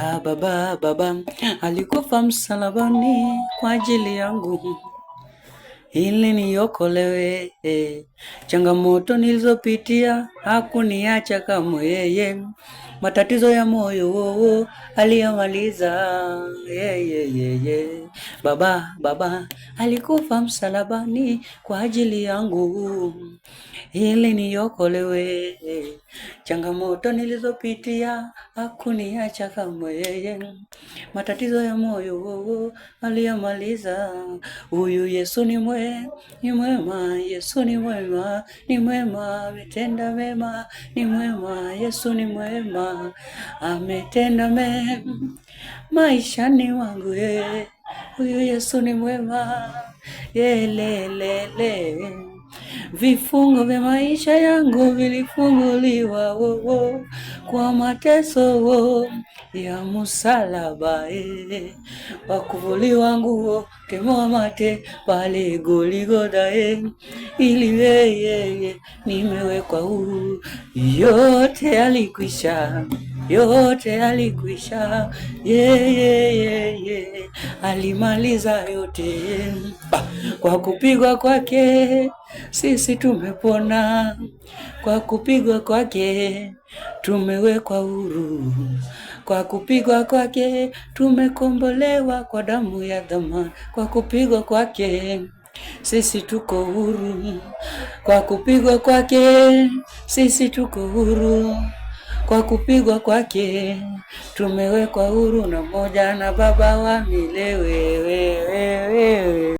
Ah, baba, baba alikufa msalabani kwa ajili yangu ili niokolewe. Eh, changamoto nilizopitia hakuniacha kamwe. Yeye matatizo ya moyo woo aliyamaliza. Yeyeyeye e, e, e. baba baba alikufa msalabani kwa ajili yangu ili niokolewe. Changamoto nilizopitia hakuniacha kamwe. Yeye matatizo ya moyo oh, oh, aliyamaliza. Huyu Yesu ni mwe ni mwema, Yesu ni mwema, ni mwema, ametenda mema, ni mwema, Yesu ni mwema, ametenda mema maishani wangu ye. Eh, huyu Yesu ni mwema yelelele eh, Vifungo vya maisha yangu vilifunguliwa, wo, oh, wo, kwa mateso wo ya musalaba e wakuvuliwa nguo kemoa mate pale Goligoda e ili yeye nimewekwa huru. Yote alikwisha, yote alikwisha, yeye yeye alimaliza yote, eh. kwa kupigwa kwake sisi tumepona kwa kupigwa kwake, tumewekwa huru kwa kupigwa kwake, tumekombolewa kwa damu ya dhamani, kwa kupigwa kwake sisi tuko huru kwa kupigwa kwake, sisi tuko huru kwa kupigwa kwake, tumewekwa huru na moja na Baba wa milele.